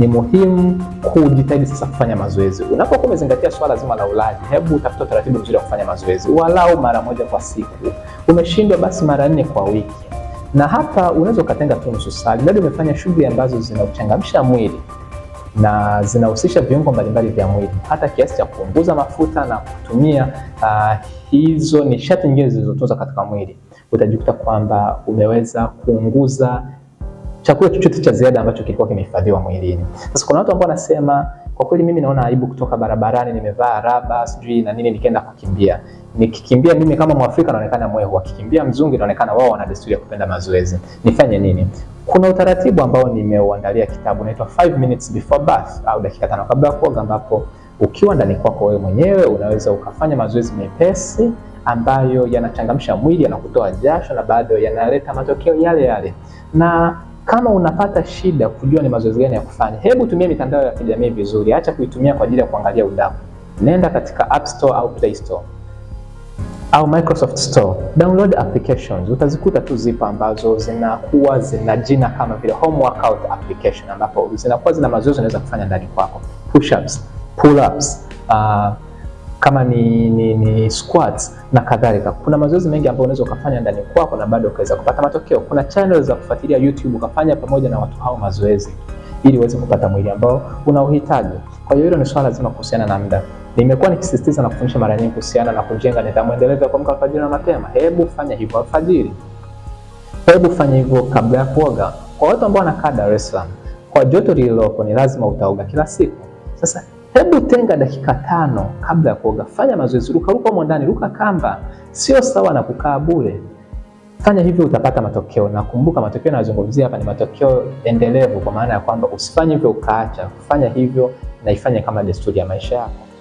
Ni muhimu kujitahidi sasa kufanya mazoezi. Unapokuwa umezingatia swala zima la ulaji, hebu utafuta utaratibu mzuri wa kufanya mazoezi walau mara moja kwa siku. Umeshindwa basi mara nne kwa wiki, na hapa unaweza ukatenga tu nusu saa, labda umefanya shughuli ambazo zinauchangamsha mwili na zinahusisha viungo mbalimbali vya mwili, hata kiasi cha kupunguza mafuta na kutumia uh, hizo nishati nyingine zilizotunzwa katika mwili. Utajikuta kwamba umeweza kuunguza chakula chochote cha ziada ambacho kilikuwa kimehifadhiwa mwilini. Sasa kuna watu ambao wanasema kwa kweli mimi naona aibu kutoka barabarani, nimevaa raba sijui na nini, nikaenda kukimbia. Nikikimbia mimi kama Mwafrika naonekana mwehu, akikimbia mzungu inaonekana wao wana desturi ya kupenda mazoezi. Nifanye nini? Kuna utaratibu ambao nimeuandalia kitabu unaitwa 5 minutes before bath au dakika tano kabla ya kuoga, ambapo ukiwa ndani kwako wewe mwenyewe unaweza ukafanya mazoezi mepesi ambayo yanachangamsha mwili, yanakutoa jasho na bado yanaleta matokeo yale yale na kama unapata shida kujua ni mazoezi gani ya kufanya, hebu tumia mitandao ya kijamii vizuri, acha kuitumia kwa ajili ya kuangalia udaku. Nenda katika App Store au Play Store au Microsoft Store, download applications. Utazikuta tu zipo ambazo zinakuwa zina jina kama vile home workout application, ambapo zinakuwa zina mazoezi unaweza kufanya ndani kwako, push ups, pull ups, uh, kama ni, ni, ni squats na kadhalika. Kuna mazoezi mengi ambayo unaweza ukafanya ndani kwako na bado ukaweza kupata matokeo. Kuna channel za kufuatilia YouTube ukafanya pamoja na watu hao mazoezi ili uweze kupata mwili ambao unaohitaji. Kwa hiyo hilo ni swala zima kuhusiana na muda. Nimekuwa nikisisitiza na kufundisha mara nyingi kuhusiana na kujenga nidhamu endelevu ya kuamka alfajiri na mapema. Hebu fanya hivyo alfajiri, hebu fanya hivyo kabla ya kuoga. Kwa watu ambao wanakaa Dar es Salaam, kwa joto lililopo, ni lazima utaoga kila siku. Sasa Hebu tenga dakika tano kabla ya kuoga, fanya mazoezi, rukaruka humo ndani, ruka kamba. Sio sawa na kukaa bure. Fanya hivyo, utapata matokeo. Na kumbuka, matokeo yanayozungumzia hapa ni matokeo endelevu, kwa maana ya kwamba usifanye hivyo ukaacha. Kufanya hivyo na ifanye kama desturi ya maisha yako.